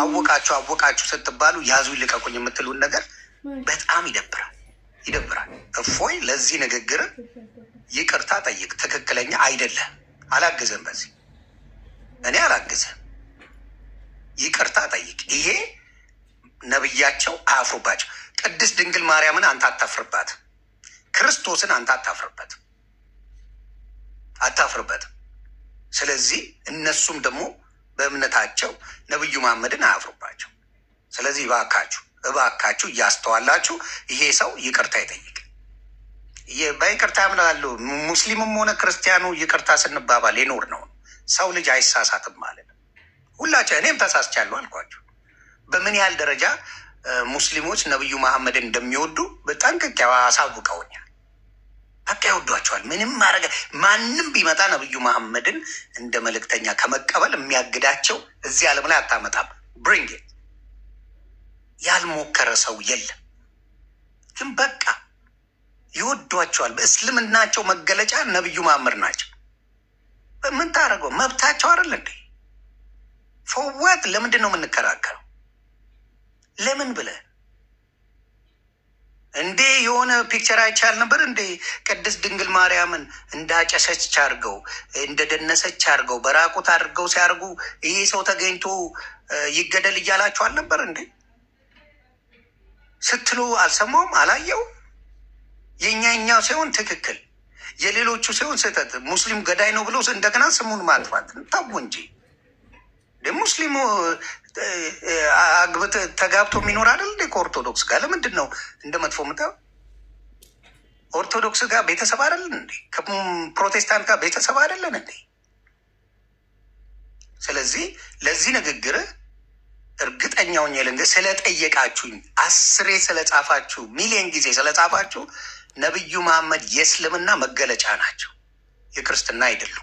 አወቃችሁ አወቃችሁ ስትባሉ ያዙ ይልቀቁኝ የምትሉን ነገር በጣም ይደብራል ይደብራል። እፎይ ለዚህ ንግግር ይቅርታ ጠይቅ። ትክክለኛ አይደለም። አላግዘም። በዚህ እኔ አላግዘም። ይቅርታ ጠይቅ። ይሄ ነብያቸው አያፍሩባቸው። ቅድስት ድንግል ማርያምን አንተ አታፍርባት፣ ክርስቶስን አንተ አታፍርበት አታፍርበትም። ስለዚህ እነሱም ደግሞ በእምነታቸው ነብዩ መሐመድን አያፍሩባቸው። ስለዚህ እባካችሁ እባካችሁ እያስተዋላችሁ ይሄ ሰው ይቅርታ ይጠይቅ። በይቅርታ ያምናሉ። ሙስሊምም ሆነ ክርስቲያኑ ይቅርታ ስንባባል የኖር ነው። ሰው ልጅ አይሳሳትም ማለት ነው። ሁላቸው እኔም ተሳስቻለሁ አልኳቸው። በምን ያህል ደረጃ ሙስሊሞች ነብዩ መሐመድን እንደሚወዱ በጠንቅቅ አሳውቀውኛል። በቃ ይወዷቸዋል። ምንም ማረገ ማንም ቢመጣ ነብዩ መሐመድን እንደ መልእክተኛ ከመቀበል የሚያግዳቸው እዚህ ዓለም ላይ አታመጣም። ብሪንግ ያልሞከረ ሰው የለም። ግን በቃ ይወዷቸዋል። በእስልምናቸው መገለጫ ነብዩ መሐመድ ናቸው። ምን ታደርገው መብታቸው አይደል እንዴ? ፎዋት ለምንድን ነው የምንከራከረው? ለምን ብለህ እንዴ የሆነ ፒክቸር አይቻል ነበር እንዴ ቅድስት ድንግል ማርያምን እንዳጨሰች አድርገው እንደደነሰች አድርገው በራቁት አድርገው ሲያርጉ ይሄ ሰው ተገኝቶ ይገደል እያላችሁ አልነበር እንዴ ስትሉ አልሰማውም አላየው የእኛ እኛው ሲሆን ትክክል የሌሎቹ ሲሆን ስህተት ሙስሊም ገዳይ ነው ብሎ እንደገና ስሙን ማጥፋት ታቡ እንጂ ሙስሊሙ አግብት ተጋብቶ የሚኖር አይደል እንዴ? ከኦርቶዶክስ ጋር ለምንድን ነው እንደ መጥፎ ምታ? ኦርቶዶክስ ጋር ቤተሰብ አይደለን እንዴ? ከፕሮቴስታንት ጋር ቤተሰብ አይደለን እንዴ? ስለዚህ ለዚህ ንግግር እርግጠኛውን የለንገ ስለጠየቃችሁኝ፣ አስሬ ስለጻፋችሁ፣ ሚሊየን ጊዜ ስለጻፋችሁ ነቢዩ መሐመድ የእስልምና መገለጫ ናቸው፣ የክርስትና አይደሉም።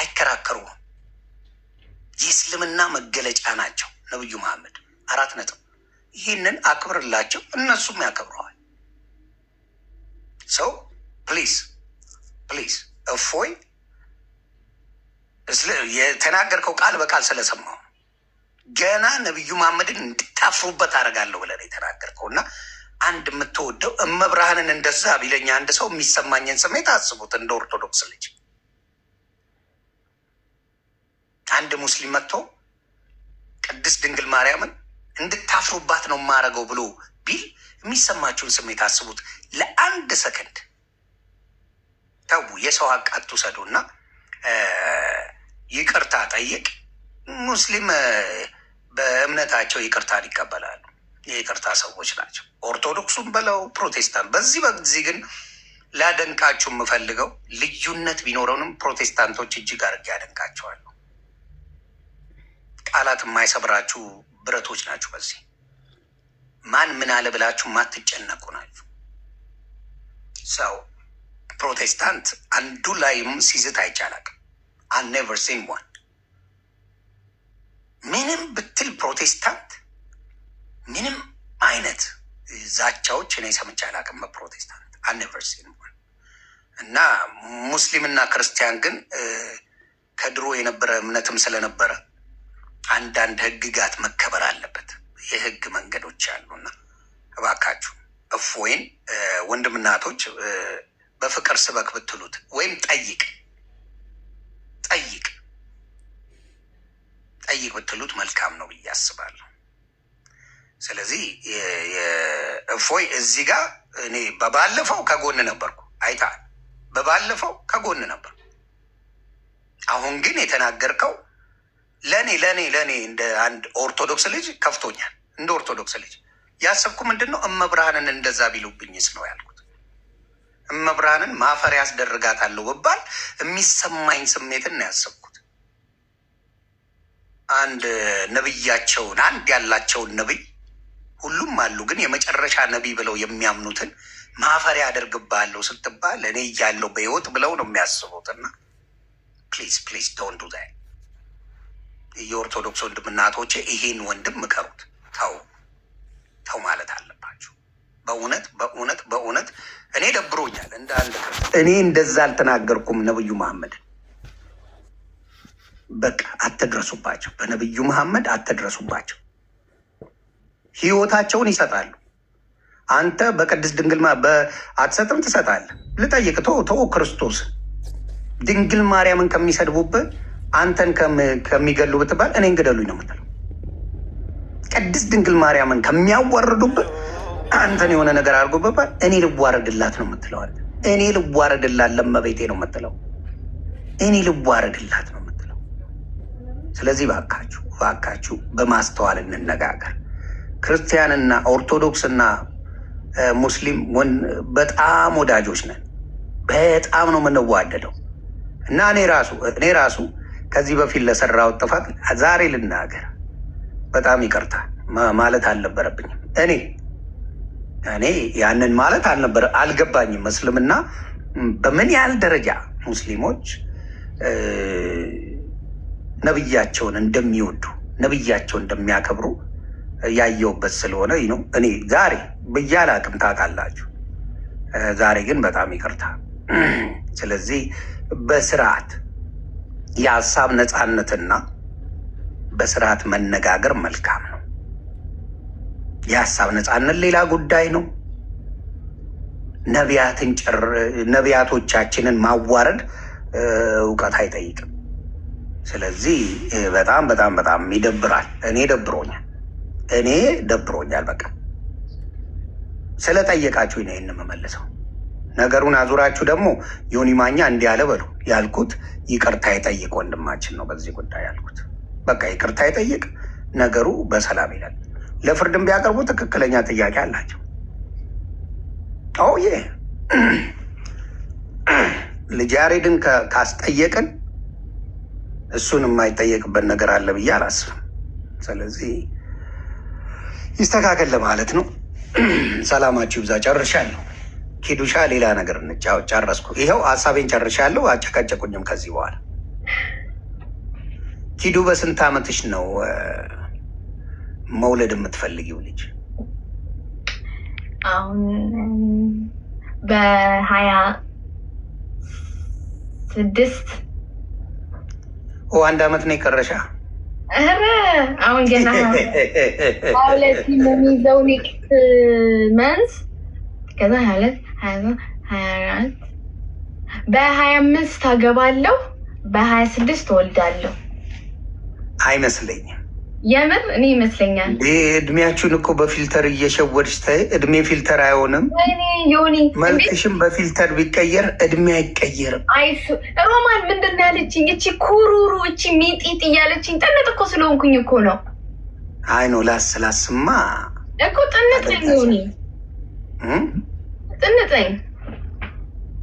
አይከራከሩም። የእስልምና መገለጫ ናቸው። ነብዩ መሐመድ አራት ነጥብ። ይህንን አክብርላቸው፣ እነሱም ያከብረዋል። ሰው ፕሊዝ ፕሊዝ እፎይ የተናገርከው ቃል በቃል ስለሰማው ገና ነቢዩ መሐመድን እንድታፍሩበት አደርጋለሁ ብለን የተናገርከው እና አንድ የምትወደው እመብርሃንን እንደዛ ቢለኝ አንድ ሰው የሚሰማኝን ስሜት አስቡት። እንደ ኦርቶዶክስ ልጅ አንድ ሙስሊም መጥቶ ቅድስት ድንግል ማርያምን እንድታፍሩባት ነው የማረገው ብሎ ቢል የሚሰማችሁን ስሜት አስቡት። ለአንድ ሰከንድ ተው፣ የሰው ሀቅ አትውሰዱ እና ይቅርታ ጠይቅ። ሙስሊም በእምነታቸው ይቅርታን ይቀበላሉ። የይቅርታ ሰዎች ናቸው። ኦርቶዶክሱም በለው ፕሮቴስታንት። በዚህ በዚህ ግን ላደንቃችሁ የምፈልገው ልዩነት ቢኖረውንም ፕሮቴስታንቶች እጅግ አድርጌ ያደንቃቸዋለሁ። ቃላት የማይሰብራችሁ ብረቶች ናችሁ። በዚህ ማን ምን አለ ብላችሁ ማትጨነቁ ናችሁ። ሰው ፕሮቴስታንት አንዱ ላይም ሲዝት አይቻላቅም። አኔቨር ሲን ዋን ምንም ብትል ፕሮቴስታንት ምንም አይነት ዛቻዎች እኔ ሰምቼ አላቅም። በፕሮቴስታንት አኔቨር ሲን ዋን እና ሙስሊምና ክርስቲያን ግን ከድሮ የነበረ እምነትም ስለነበረ አንዳንድ ህግጋት መከበር አለበት። የህግ መንገዶች አሉና እባካችሁ እፎይን ወንድምናቶች በፍቅር ስበክ ብትሉት ወይም ጠይቅ ጠይቅ ጠይቅ ብትሉት መልካም ነው ብዬ አስባለሁ። ስለዚህ እፎይ እዚህ ጋር እኔ በባለፈው ከጎን ነበርኩ፣ አይታ በባለፈው ከጎን ነበርኩ። አሁን ግን የተናገርከው ለእኔ ለእኔ ለእኔ እንደ አንድ ኦርቶዶክስ ልጅ ከፍቶኛል። እንደ ኦርቶዶክስ ልጅ ያሰብኩ ምንድን ነው እመብርሃንን እንደዛ ቢሉብኝስ ነው ያልኩት። እመብርሃንን ማፈር ያስደርጋታለሁ ብባል የሚሰማኝ ስሜትን ነው ያሰብኩት። አንድ ነብያቸውን አንድ ያላቸውን ነብይ ሁሉም አሉ፣ ግን የመጨረሻ ነቢይ ብለው የሚያምኑትን ማፈሪያ አደርግብሃለሁ ስትባል እኔ እያለሁ በህይወት ብለው ነው የሚያስቡትና ፕሊዝ ፕሊዝ ዶንት ዱ የኦርቶዶክስ ወንድም እናቶች ይሄን ወንድም ምከሩት። ተው ተው ማለት አለባቸው። በእውነት በእውነት በእውነት እኔ ደብሮኛል። እንደ አንድ እኔ እንደዛ አልተናገርኩም። ነብዩ መሐመድ በቃ አትድረሱባቸው። በነብዩ መሐመድ አትድረሱባቸው። ህይወታቸውን ይሰጣሉ። አንተ በቅድስት ድንግል አትሰጥም፣ ትሰጣለህ። ልጠይቅ ቶ ክርስቶስ ድንግል ማርያምን ከሚሰድቡብህ አንተን ከሚገሉ ብትባል እኔ እንግደሉኝ ነው የምትለው። ቅድስት ድንግል ማርያምን ከሚያዋርዱብህ አንተን የሆነ ነገር አድርጎ እኔ ልዋረድላት ነው የምትለው። እኔ ልዋረድላት ለመቤቴ ነው የምትለው። እኔ ልዋረድላት ነው የምትለው። ስለዚህ ባካችሁ ባካችሁ በማስተዋል እንነጋገር። ክርስቲያንና ኦርቶዶክስና ሙስሊም በጣም ወዳጆች ነን። በጣም ነው የምንዋደደው እና እኔ ራሱ እኔ ራሱ ከዚህ በፊት ለሰራው ጥፋት ዛሬ ልናገር፣ በጣም ይቅርታ ማለት አልነበረብኝም። እኔ እኔ ያንን ማለት አልነበረ አልገባኝም። እስልምና በምን ያህል ደረጃ ሙስሊሞች ነብያቸውን እንደሚወዱ ነብያቸውን እንደሚያከብሩ ያየውበት ስለሆነ ነው። እኔ ዛሬ ብያለ አቅም ታውቃላችሁ። ዛሬ ግን በጣም ይቅርታ። ስለዚህ በስርዓት የሀሳብ ነፃነትና በስርዓት መነጋገር መልካም ነው። የሀሳብ ነፃነት ሌላ ጉዳይ ነው። ነቢያትን ጭር ነቢያቶቻችንን ማዋረድ እውቀት አይጠይቅም። ስለዚህ በጣም በጣም በጣም ይደብራል። እኔ ደብሮኛል፣ እኔ ደብሮኛል። በቃ ስለጠየቃችሁ ነው ይህን የምመልሰው። ነገሩን አዙራችሁ ደግሞ ዮኒ ማኛ እንዲህ አለ በሉ ያልኩት ይቅርታ የጠይቅ ወንድማችን ነው በዚህ ጉዳይ ያልኩት። በቃ ይቅርታ የጠይቅ ነገሩ በሰላም ይላል። ለፍርድም ቢያቀርቡ ትክክለኛ ጥያቄ አላቸው። ይ ልጅ ያሬድን ካስጠየቅን እሱን የማይጠየቅበት ነገር አለ ብዬ አላስብም። ስለዚህ ይስተካከል ለማለት ነው። ሰላማችሁ ይብዛ። ጨርሻለሁ። ኪዱሻ ሌላ ነገር ጨረስኩ። ይኸው ሀሳቤን ጨርሻለሁ። አጨቃጨቁኝም ከዚህ በኋላ ኪዱ በስንት አመትሽ ነው መውለድ የምትፈልጊው ልጅ? አሁን በሀያ ስድስት አንድ አመት ነው የቀረሻ። ኧረ አሁን ገና ሁለት የሚይዘው ኔክስት መንስ ከዛ ሀያ ሁለት ሀያ ሶስት ሀያ አራት በሀያ አምስት ታገባለሁ በሀያ ስድስት እወልዳለሁ። አይመስለኝም። የምር እኔ ይመስለኛል። ይህ እድሜያችሁን እኮ በፊልተር እየሸወድሽ ተይ። እድሜ ፊልተር አይሆንም። መልክሽም በፊልተር ቢቀየር እድሜ አይቀየርም። አይሱ ሮማን ምንድን ነው ያለችኝ? እቺ ኩሩሩ እቺ ሚጢጥ እያለችኝ ጥንጥ እኮ ስለሆንኩኝ እኮ ነው። አይ ነው ላስላስማ እኮ ጥንጥ ሆኒ ጥንጥ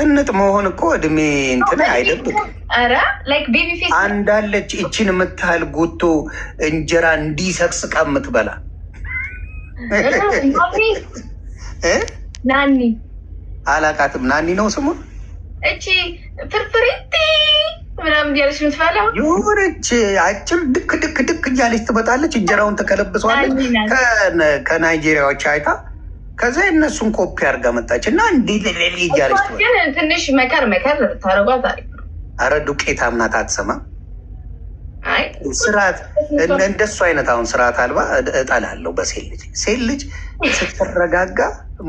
ጥንጥ መሆን እኮ እድሜ እንትን አይደብቅ። ኧረ ላይክ ቤቢ ፌስ አንዳለች እቺን የምታህል ጉቶ እንጀራ እንዲሰቅስቃ የምትበላ ናኒ አላቃትም። ናኒ ነው ስሙ። እቺ ፍርፍሬቲ ምናምን እያለች የምትበላው የሆነች አጭር ድክ ድክ ድክ እያለች ትመጣለች። እንጀራውን ተከለብሰዋለች ከናይጄሪያዎች አይታ ከዛ የእነሱን ኮፒ አድርጋ መጣች እና እንዲህ እያለች ትንሽ መከር መከር ታረጓት። አረ ዱቄት አምናት አትሰማም። ስርዓት እንደሱ አይነት አሁን ስርዓት አልባ እጠላለሁ በሴት ልጅ። ሴት ልጅ ስትረጋጋ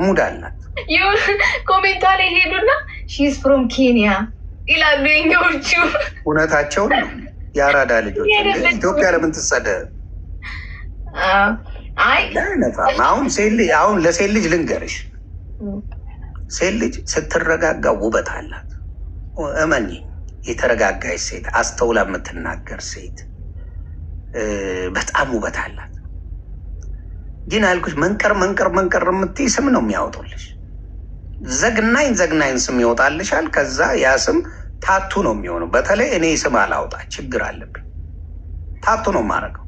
ሙድ አላት። ኮሜንታ ላይ ሄዱና ሺዝ ፍሮም ኬንያ ይላሉ የኛዎቹ። እውነታቸውን ነው የአራዳ ልጆች። ኢትዮጵያ ለምን ትሰደ አሁን አሁን ለሴት ልጅ ልንገርሽ፣ ሴት ልጅ ስትረጋጋ ውበት አላት። እመኒ፣ የተረጋጋች ሴት፣ አስተውላ የምትናገር ሴት በጣም ውበት አላት። ግን አልኩሽ መንቀር መንቀር መንቀር የምትይ ስም ነው የሚያወጡልሽ። ዘግናኝ ዘግናኝ ስም ይወጣልሻል። ከዛ ያ ስም ታቱ ነው የሚሆነው። በተለይ እኔ ስም አላውጣ ችግር አለብኝ። ታቱ ነው የማደርገው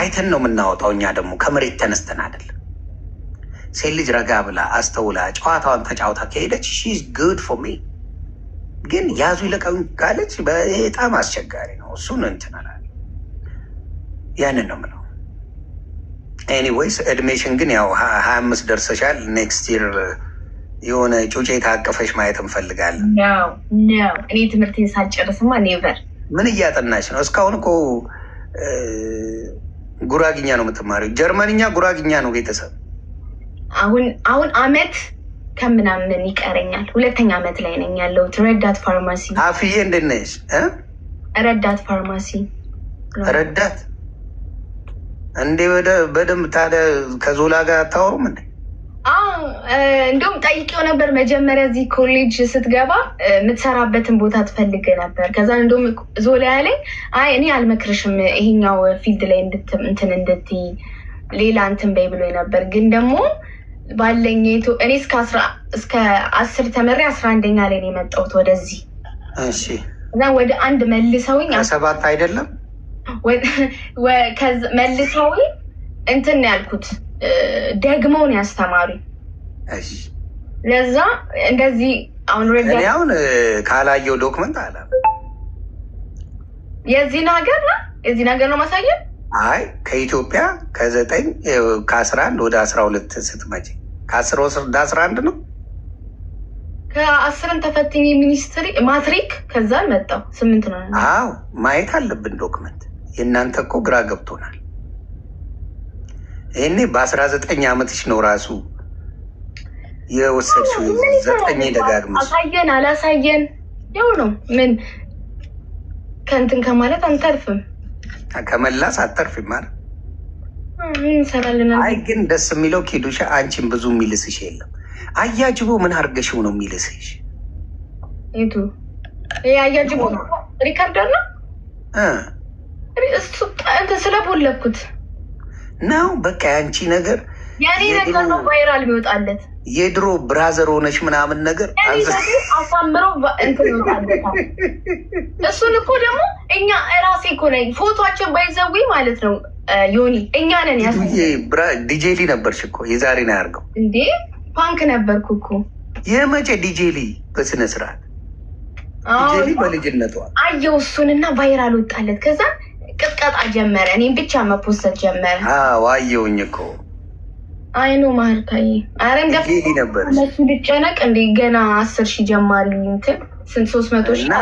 አይተን ነው የምናወጣው። እኛ ደግሞ ከመሬት ተነስተን አይደለም። ሴት ልጅ ረጋ ብላ አስተውላ ጨዋታዋን ተጫውታ ከሄደች ሺዝ ጉድ ፎር ሚ። ግን ያዙ ይለቀም ካለች በጣም አስቸጋሪ ነው። እሱን እንትን ያንን ነው የምለው። ኤኒዌይስ እድሜሽን ግን ያው ሀያ አምስት ደርሰሻል። ኔክስት ይር የሆነ ጩጬ ታቀፈሽ ማየት እንፈልጋለን። እኔ ትምህርት ሳጨርስማ ኔቨር ምን እያጠናሽ ነው? እስካሁን እኮ ጉራግኛ ነው የምትማሪው? ጀርመንኛ ጉራግኛ ነው ቤተሰብ። አሁን አሁን አመት ከምናምን ይቀረኛል። ሁለተኛ አመት ላይ ነኝ ያለሁት ረዳት ፋርማሲ። አፍዬ እንደት ነሽ? ረዳት ፋርማሲ ረዳት እንዴ። በደንብ ታዲያ ከዞላ ጋር አታወሩም እንዴ? እንደውም ጠይቄው ነበር መጀመሪያ እዚህ ኮሌጅ ስትገባ የምትሰራበትን ቦታ ትፈልግ ነበር። ከዛ እንደውም ዞሊያ ላይ አይ እኔ አልመክርሽም ይሄኛው ፊልድ ላይ እንትን እንድት ሌላ እንትን በይ ብሎ ነበር። ግን ደግሞ ባለኝ እኔ እስከ አስር ተመሪ አስራ አንደኛ ላይ ነው የመጣሁት ወደዚህ እና ወደ አንድ መልሰውኝ ሰባት አይደለም መልሰውኝ እንትን ያልኩት ደግመውን ያስተማሩኝ ለዛ እንደዚህ አሁን ረዚ አሁን ካላየው ዶክመንት አላ የዚህን ሀገር ነው የዚህን ሀገር ነው ማሳየ አይ ከኢትዮጵያ ከዘጠኝ ከአስራ አንድ ወደ አስራ ሁለት ስትመጪ ከአስር ወደ አስራ አንድ ነው ከአስርን ተፈትኝ ሚኒስትሪ ማትሪክ ከዛን መጣው ስምንት ነው። አዎ ማየት አለብን ዶክመንት። የእናንተ እኮ ግራ ገብቶናል። ይህኔ በአስራ ዘጠኝ ዓመትሽ ነው ራሱ የወሰድሽው ዘጠኝ ደጋግመሽ አሳየን አላሳየን ያው ነው። ምን ከእንትን ከማለት አንተርፍም፣ ከመላስ አተርፍም። ማለት አይ ግን ደስ የሚለው ኪዱሻ አንቺን ብዙ የሚልስሽ የለም። አያጅቦ ምን አርገሽው ነው የሚልስሽ? ይቱ አያጅቦ ሪከርደር ነው እሱ ስለቦለኩት ነው በቃ የአንቺ ነገር የኔ ነገር ነው ቫይራል ይወጣለት የድሮ ብራዘር ሆነች ምናምን ነገር አሳምረው እንትን ይወጣለታል። እሱን እኮ ደግሞ እኛ ራሴ እኮ ነኝ ፎቶችን ባይዘዊ ማለት ነው ዮኒ እኛ ነን ያ ዲጄሊ ነበርሽ እኮ የዛሬ ነው ያርገው እንዴ ፓንክ ነበርኩ እኮ የመቼ ዲጄሊ በስነ ስርዓት ዲጄሊ በልጅነቷ አየው እሱንና ቫይራል ወጣለት። ከዛ ቅጥቀጣ ጀመረ። እኔም ብቻ መፖሰት ጀመረ። አየውኝ እኮ አይ ነው ማርካዬ፣ ኧረ እንደሱ ልጨነቅ እንዴ? ገና አስር ሺህ ጀማሪ እንትን ስንት ሶስት መቶ ሺህ እና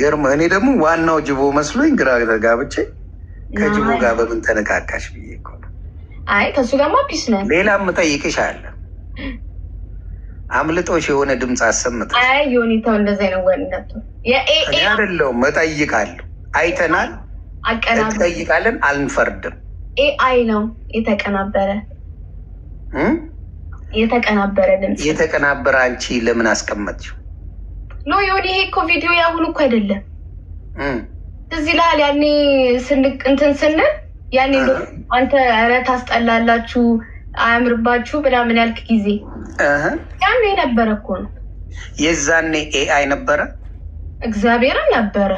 ግርም እኔ ደግሞ ዋናው ጅቦ መስሎኝ ግራ ተጋብቼ ከጅቦ ጋር በምን ተነካካሽ ብዬ እኮ አይ ከሱ ጋርማ ፒስ ነን። ሌላ የምጠይቅሽ አለ አምልጦሽ የሆነ ድምፅ አሰምጠሽ። አይ ዮኒታው እንደዚህ ነው ወንዳቱ የኤኤ አይደለሁም። እጠይቃለሁ። አይተናል፣ እጠይቃለን፣ አልንፈርድም። ኤአይ ነው የተቀናበረ የተቀናበረ ድምፅ የተቀናበረ አንቺ ለምን አስቀመጥሽው? ኖ የሆነ ይሄ እኮ ቪዲዮ ያሁኑ እኮ አይደለም። እዚህ ላል ያኔ ስንቅ እንትን ስንል ያኔ አንተ ኧረ ታስጠላላችሁ፣ አያምርባችሁ ምናምን ያልክ ጊዜ ያን ነበረ እኮ ነው። የዛኔ ኤአይ ነበረ እግዚአብሔርም ነበረ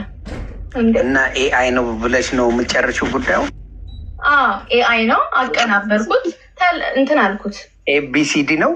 እና ኤአይ ነው ብለሽ ነው የምጨርሽው ጉዳዩ ኤአይ ነው አቀናበርኩት። እንትን አልኩት ኤቢሲዲ ነው